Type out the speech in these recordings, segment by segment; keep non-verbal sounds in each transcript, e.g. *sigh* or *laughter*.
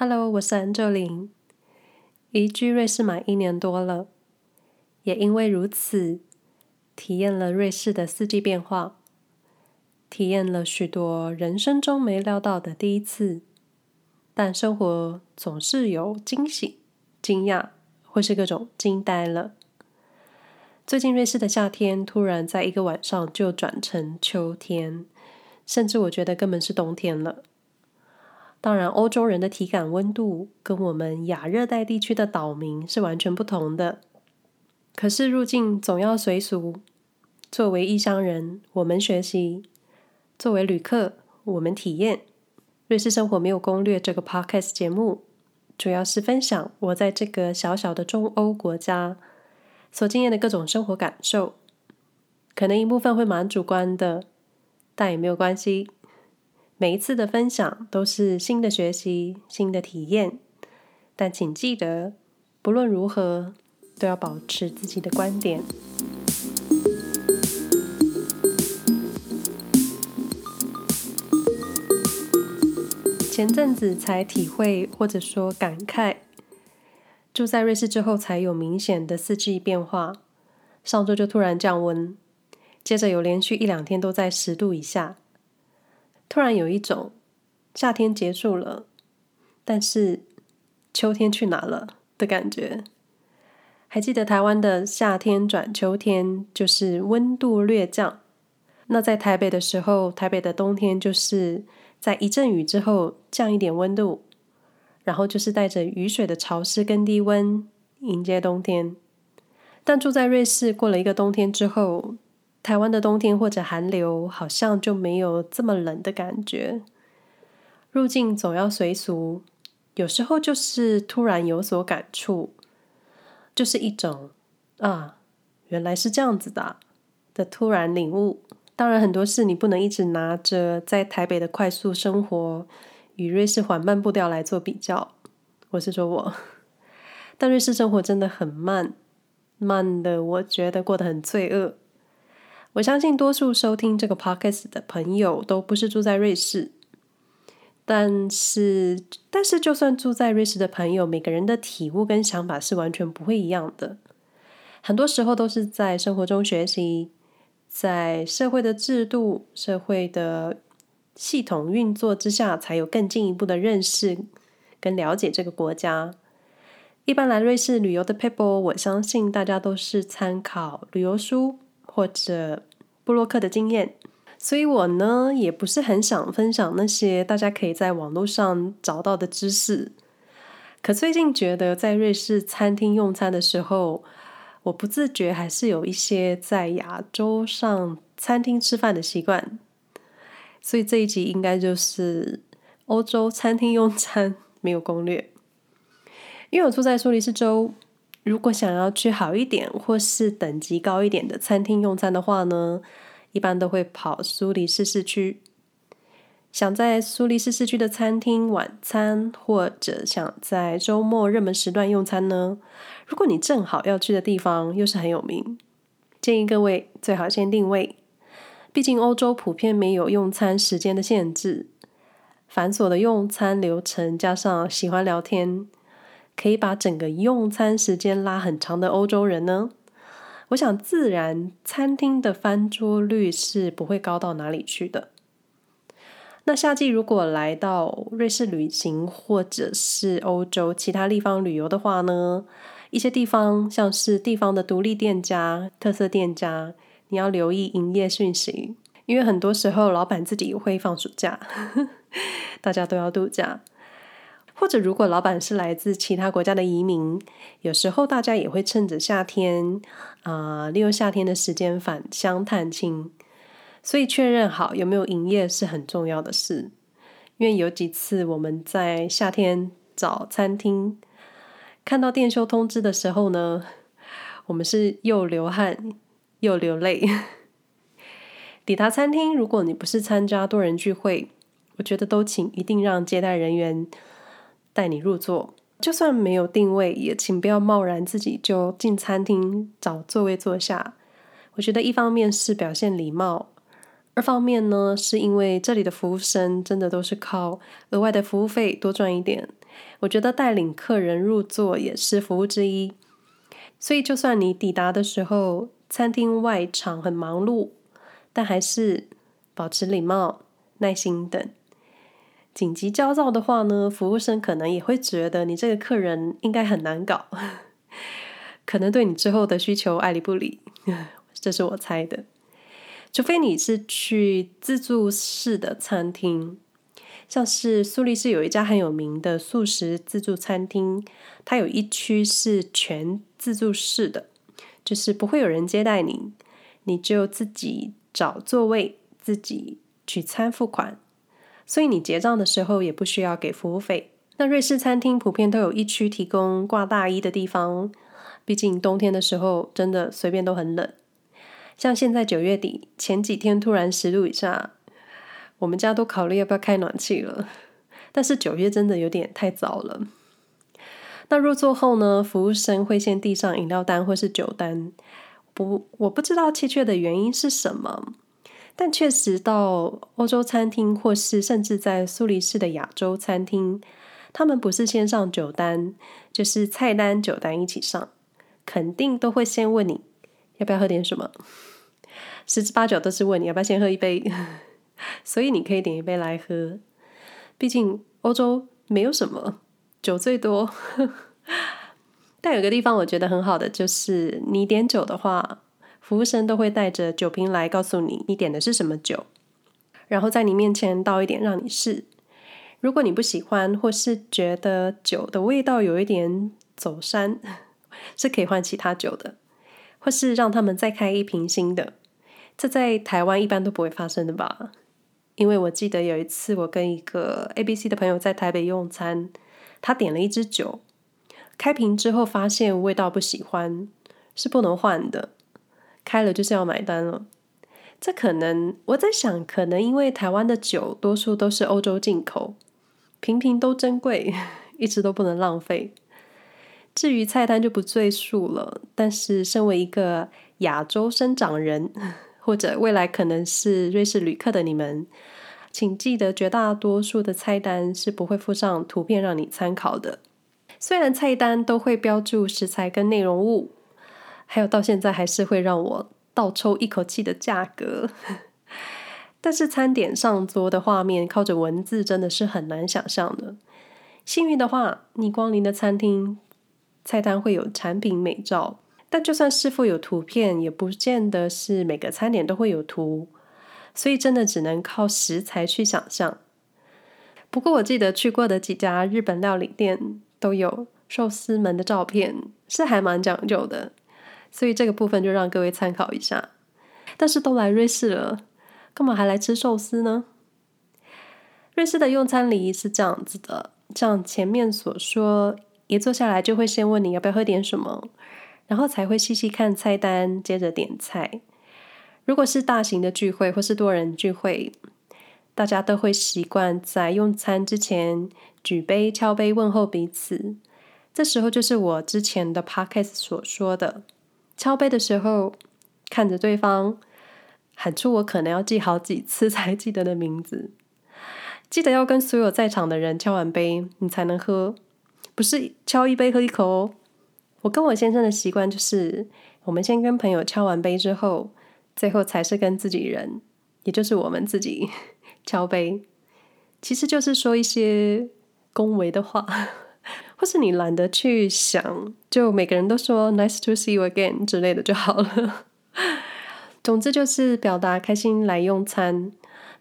Hello，我是 Angelina，移居瑞士滿一年多了，也因為如此，體驗了瑞士的四季變化，體驗了許多人生中沒料到的第一次，但生活總是有驚喜、驚訝，或是各種驚呆了。最近瑞士的夏天突然在一個晚上就轉成秋天，甚至我覺得根本是冬天了。當然，歐洲人的體感溫度跟我們亞熱帶地區的島民是完全不同的。可是入境總要隨俗，作為異鄉人，我們學習；作為旅客，我們體驗。瑞士生活沒有攻略這個 Podcast 節目，主要是分享我在這個小小的中歐國家所經驗的各種生活感受，可能一部分會蠻主觀的，但也沒有關係。每一次的分享都是新的學習、新的體驗，但請記得，不論如何，都要保持自己的觀點。前陣子才體會，或者說感慨，住在瑞士之後才有明顯的四季變化。上周就突然降溫，接着有連續一兩天都在十度以下。突然有一種夏天結束了，但是秋天去哪了？的感覺。還記得台灣的夏天轉秋天，就是溫度略降。那在台北的時候，台北的冬天就是在一陣雨之後降一點溫度，然後就是帶着雨水的潮濕跟低溫迎接冬天。但住在瑞士過了一個冬天之後，台灣的冬天或者寒流，好像就沒有這麼冷的感覺。入境總要隨俗，有時候就是突然有所感觸，就是一種啊，原來是這樣子的的突然領悟。當然，很多事你不能一直拿着在台北的快速生活與瑞士緩慢步調來做比較。我是說我，但瑞士生活真的很慢，慢的我覺得過得很罪惡。我相信多數收聽這個 podcast 的朋友都不是住在瑞士，但是但是就算住在瑞士的朋友，每個人的體悟跟想法是完全不會一樣的。很多時候都是在生活中學習，在社會的制度、社會的系統運作之下，才有更進一步的認識跟了解這個國家。一般來瑞士旅遊的 people，我相信大家都是參考旅遊書。或者部落客的經驗，所以我呢也不是很想分享那些大家可以在網絡上找到的知識。可最近覺得在瑞士餐廳用餐的時候，我不自覺還是有一些在亞洲上餐廳吃飯的習慣，所以這一集應該就是歐洲餐廳用餐，沒有攻略，因為我住在蘇黎世州。如果想要去好一點或是等級高一點的餐廳用餐的話呢，一般都會跑蘇黎世市區。想在蘇黎世市區的餐廳晚餐，或者想在周末熱門時段用餐呢，如果你正好要去的地方又是很有名，建議各位最好先定位，畢竟歐洲普遍沒有用餐時間的限制，繁瑣的用餐流程加上喜歡聊天，可以把整個用餐時間拉很長的歐洲人呢，我想自然餐廳的翻桌率是不會高到哪裡去的。那夏季如果來到瑞士旅行，或者是歐洲其他地方旅遊的話呢，一些地方像是地方的獨立店家、特色店家，你要留意營業訊息，因為很多時候老闆自己會放暑假，呵呵，大家都要度假。或者，如果老闆是來自其他國家的移民，有時候大家也會趁着夏天，啊、呃，利用夏天的時間返鄉探親。所以，確認好有沒有營業是很重要的事。因為有幾次我們在夏天找餐廳，看到店休通知的時候呢，我們是又流汗又流淚。 *laughs* 抵達餐廳，如果你不是參加多人聚會，我覺得都請一定讓接待人員。帶你入座，就算沒有訂位，也請不要貿然自己就進餐廳找座位坐下。我覺得一方面是表現禮貌，二方面呢是因為這裡的服務生真的都是靠額外的服務費多賺一點。我覺得帶領客人入座也是服務之一，所以就算你抵達的時候餐廳外場很忙碌，但還是保持禮貌，耐心等。緊急焦躁的話呢，服務生可能也會覺得你這個客人應該很難搞，可能對你之後的需求愛理不理，這是我猜的。除非你是去自助式的餐廳，像是蘇黎世有一家很有名的素食自助餐廳，它有一區是全自助式的，就是不會有人接待你，你就自己找座位，自己取餐付款。所以你結賬的時候也不需要給服務費。那瑞士餐廳普遍都有一區提供掛大衣的地方，畢竟冬天的時候真的隨便都很冷。像現在九月底，前幾天突然十度以下，我們家都考慮要不要開暖氣了。但是九月真的有點太早了。那入座後呢，服務生會先遞上飲料單或是酒單。不，我不知道確切的原因是什麼？但確實，到歐洲餐廳，或是甚至在蘇黎世的亞洲餐廳，他們不是先上酒單，就是菜單酒單一起上，肯定都會先問你要不要喝點什麼。十之八九都是問你要不要先喝一杯， *laughs* 所以你可以點一杯來喝。畢竟歐洲沒有什麼酒最多， *laughs* 但有個地方我覺得很好的就是，你點酒的話。服務生都會帶着酒瓶來，告訴你你點的是什麼酒，然後在你面前倒一點讓你試。如果你不喜歡或是覺得酒的味道有一點走山，是可以換其他酒的，或是讓他們再開一瓶新的。這在台灣一般都不會發生的吧？因為我記得有一次我跟一個 ABC 的朋友在台北用餐，他點了一支酒，開瓶之後發現味道不喜歡，是不能換的。開了就是要買單了，這可能我在想，可能因為台灣的酒多數都是歐洲進口，瓶瓶都珍貴，一直都不能浪費。至於菜單就不贅述了。但是身為一個亞洲生長人，或者未來可能是瑞士旅客的你們，請記得絕大多數的菜單是不會附上圖片讓你參考的。雖然菜單都會標注食材跟內容物。還有到現在還是會讓我倒抽一口氣的價格， *laughs* 但是餐點上桌的畫面，靠着文字真的是很難想象的。幸運的話，你光臨的餐廳菜單會有產品美照，但就算是否有圖片，也不見得是每個餐點都會有圖，所以真的只能靠食材去想象。不過我記得去過的幾家日本料理店都有壽司門的照片，是還蠻講究的。所以這個部分就讓各位參考一下。但是都來瑞士了，幹嘛還來吃壽司呢？瑞士的用餐禮儀是這樣子的：像前面所說，一坐下來就會先問你要不要喝點什麼，然後才會細細看菜單，接着點菜。如果是大型的聚會或是多人聚會，大家都會習慣在用餐之前舉杯敲杯問候彼此。這時候就是我之前的 podcast 所說的。敲杯的時候，看着對方，喊出我可能要記好幾次才記得的名字，記得要跟所有在場的人敲完杯，你才能喝，不是敲一杯喝一口哦。我跟我先生的習慣就是，我們先跟朋友敲完杯之後，最後才是跟自己人，也就是我們自己敲杯，其實就是說一些恭維的話。或是你懶得去想，就每個人都說 “Nice to see you again” 之類的就好了。總之就是表達開心來用餐，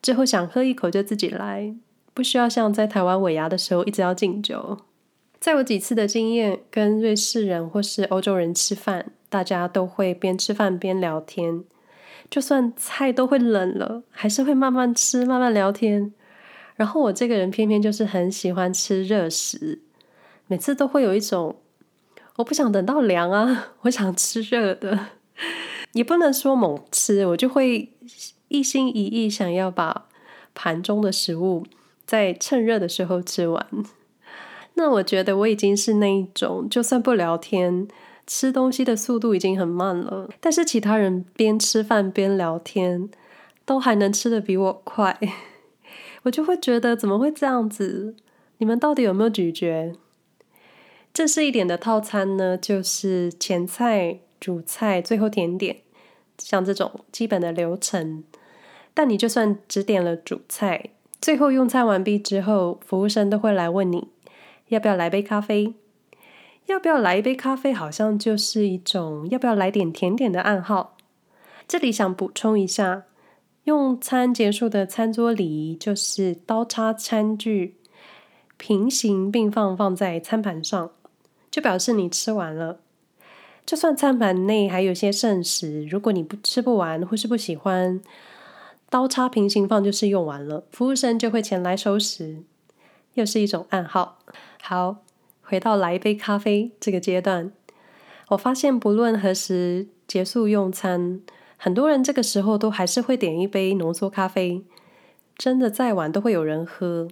之後想喝一口就自己來，不需要像在台灣尾牙的時候一直要敬酒。在我幾次的經驗跟瑞士人或是歐洲人吃飯，大家都會邊吃飯邊聊天，就算菜都會冷了，還是會慢慢吃慢慢聊天。然後我這個人偏偏就是很喜歡吃熱食。每次都會有一種，我不想等到涼啊，我想吃熱的。也不能說猛吃，我就會一心一意想要把盤中的食物在趁熱的時候吃完。那我覺得我已經是那一種，就算不聊天，吃東西的速度已經很慢了。但是其他人邊吃飯邊聊天，都還能吃得比我快，我就會覺得怎麼會這樣子？你們到底有沒有咀嚼？正式一點的套餐呢，就是前菜、主菜、最後甜點，像這種基本的流程。但你就算只點了主菜，最後用餐完畢之後，服務生都會來問你要不要來杯咖啡。要不要來一杯咖啡，好像就是一種要不要來點甜點的暗號。這裡想補充一下，用餐結束的餐桌禮儀就是刀叉餐具平行並放放在餐盤上。就表示你吃完了。就算餐盤內還有些剩食，如果你不吃不完或是不喜歡，刀叉平行放就是用完了，服務生就會前來收拾。又是一種暗號。好，回到來一杯咖啡這個階段，我發現不論何時結束用餐，很多人這個時候都還是會點一杯濃縮咖啡。真的再晚都會有人喝。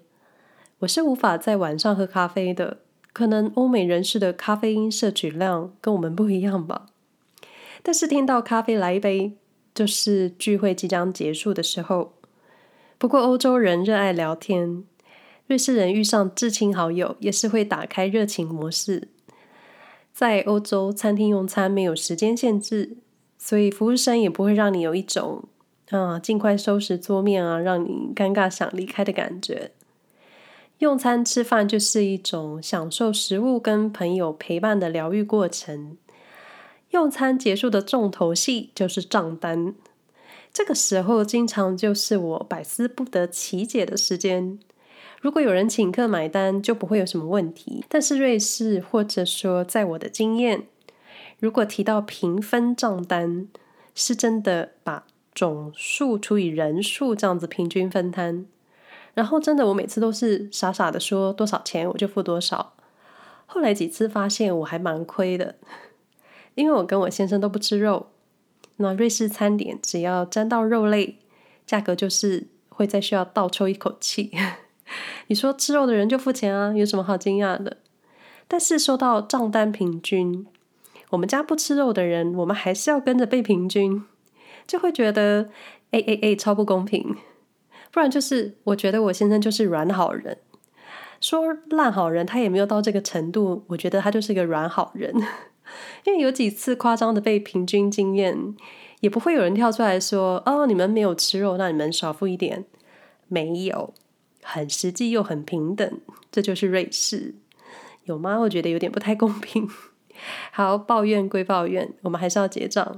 我是無法在晚上喝咖啡的。可能歐美人士的咖啡因攝取量跟我們不一樣吧，但是聽到咖啡來一杯，就是聚會即將結束的時候。不過歐洲人熱愛聊天，瑞士人遇上至親好友也是會打開熱情模式。在歐洲餐廳用餐沒有時間限制，所以服務生也不會讓你有一種，啊儘快收拾桌面啊，讓你尷尬想離開的感覺。用餐吃飯就是一種享受食物跟朋友陪伴的療癒過程。用餐結束的重頭戲就是賬單，這個時候經常就是我百思不得其解的時間。如果有人請客買單就不會有什麼問題，但是瑞士或者說在我的經驗，如果提到平分賬單，是真的把總數除以人數這樣子平均分攤。然後真的，我每次都是傻傻的說多少錢我就付多少。後來幾次發現我還蠻虧的，因為我跟我先生都不吃肉，那瑞士餐點只要沾到肉類，價格就是會再需要倒抽一口氣。 *laughs* 你說吃肉的人就付錢啊，有什麼好驚訝的？但是說到賬單平均，我們家不吃肉的人，我們還是要跟着被平均，就會覺得哎哎哎，超不公平。不然就是，我覺得我先生就是軟好人，說爛好人他也沒有到這個程度。我覺得他就是個軟好人，因為有幾次誇張的被平均經驗，也不會有人跳出來說：“哦，你們沒有吃肉，那你們少付一點。”沒有，很實際又很平等，這就是瑞士。有嗎？我覺得有點不太公平。好，抱怨歸抱怨，我們還是要結賬。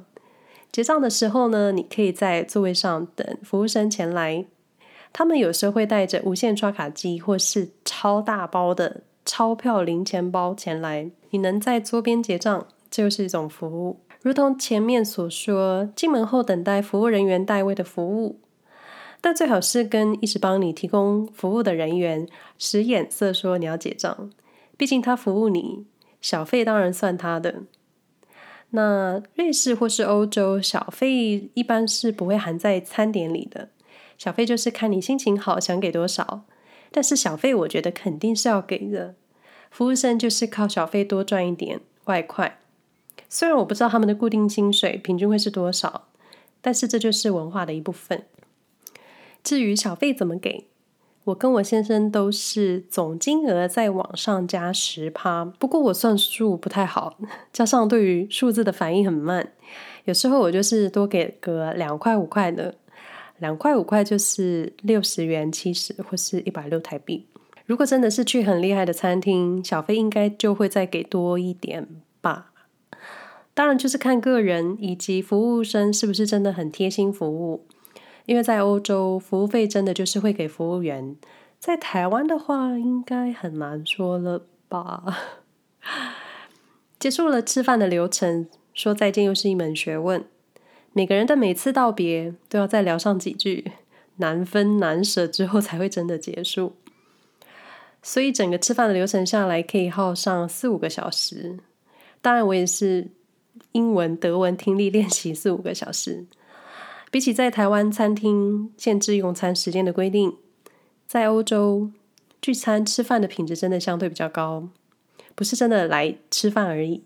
結賬的時候呢，你可以在座位上等服務生前來。他們有時候會帶着無線刷卡機或是超大包的鈔票零錢包前來。你能在桌邊結賬，就是一種服務。如同前面所說，進門後等待服務人員帶位的服務，但最好是跟一直幫你提供服務的人員使眼色說你要結賬，畢竟他服務你，小費當然算他的。那瑞士或是歐洲，小費一般是不會含在餐點裡的。小費就是看你心情好想給多少，但是小費我覺得肯定是要給的。服務生就是靠小費多賺一點外快。雖然我不知道他們的固定薪水平均會是多少，但是這就是文化的一部分。至於小費怎麼給，我跟我先生都是總金額再往上加十趴。不過我算數不太好，加上對於數字的反應很慢，有時候我就是多給個兩塊五塊的。兩塊五塊就是六十元、七十或是一百六台幣。如果真的是去很厲害的餐廳，小費應該就會再給多一點吧？當然，就是看個人以及服務生是不是真的很貼心服務。因為在歐洲，服務費真的就是會給服務員。在台灣的話，應該很難說了吧？結束了吃飯的流程，說再見又是一門學問。每個人的每次道別都要再聊上幾句，難分難捨之後才會真的結束。所以整個吃飯的流程下來可以耗上四五個小時。當然，我也是英文、德文聽力練習四五個小時。比起在台灣餐廳限制用餐時間的規定，在歐洲聚餐吃飯的品質真的相對比較高，不是真的來吃飯而已。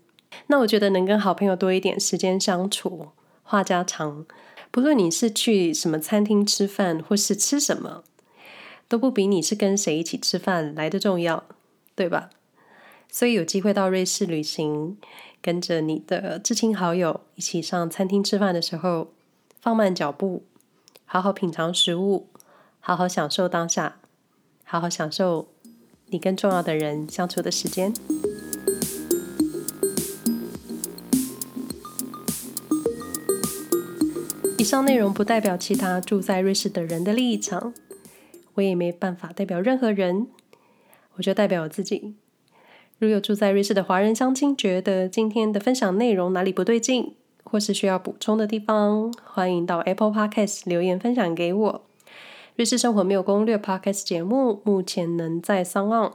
那我覺得能跟好朋友多一點時間相處。話家常，不論你是去什麼餐廳吃飯，或是吃什麼，都不比你是跟誰一起吃飯來得重要，對吧？所以有機會到瑞士旅行，跟着你的至親好友一起上餐廳吃飯的時候，放慢腳步，好好品嘗食物，好好享受當下，好好享受你跟重要的人相處的時間。以上內容不代表其他住在瑞士的人的立場，我也沒辦法代表任何人，我就代表我自己。如有住在瑞士的華人鄉親覺得今天的分享內容哪裡不對勁，或是需要補充的地方，歡迎到 Apple Podcast 留言分享給我。瑞士生活沒有攻略 Podcast 節目目前能在 SoundOn、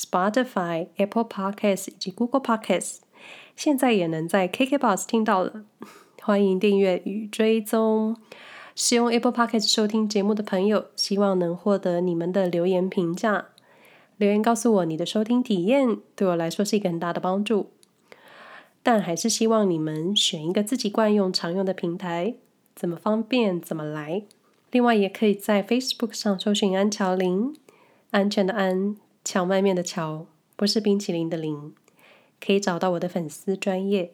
Spotify、Apple Podcasts 以及 Google Podcasts，現在也能在 KKBox 聽到了。歡迎訂閱與追蹤，使用 Apple Podcast 收聽節目的朋友，希望能獲得你們的留言評價。留言告訴我你的收聽體驗，對我來說是一個很大的幫助。但還是希望你們選一個自己慣用、常用的平台，怎麼方便怎麼來。另外，也可以在 Facebook 上搜尋“安喬林”，安全的安，蕎麥麵的蕎，不是冰淇淋的林，可以找到我的粉絲專業。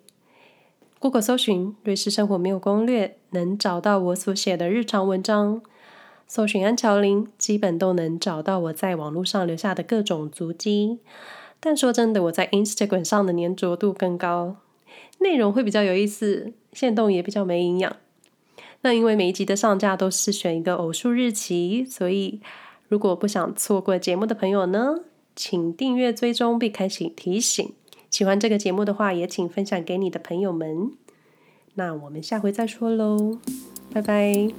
Google 搜尋“瑞士生活沒有攻略”，能找到我所寫的日常文章；搜尋安喬琳，基本都能找到我在網絡上留下的各種足跡。但說真的，我在 Instagram 上的粘着度更高，內容會比較有意思，限動也比較沒營養。那因為每一集的上架都是選一個偶數日期，所以如果不想錯過節目的朋友呢，請訂閱追蹤並開啟提醒。喜歡這個節目的話，也請分享給你的朋友們。那我們下回再說嘍，拜拜。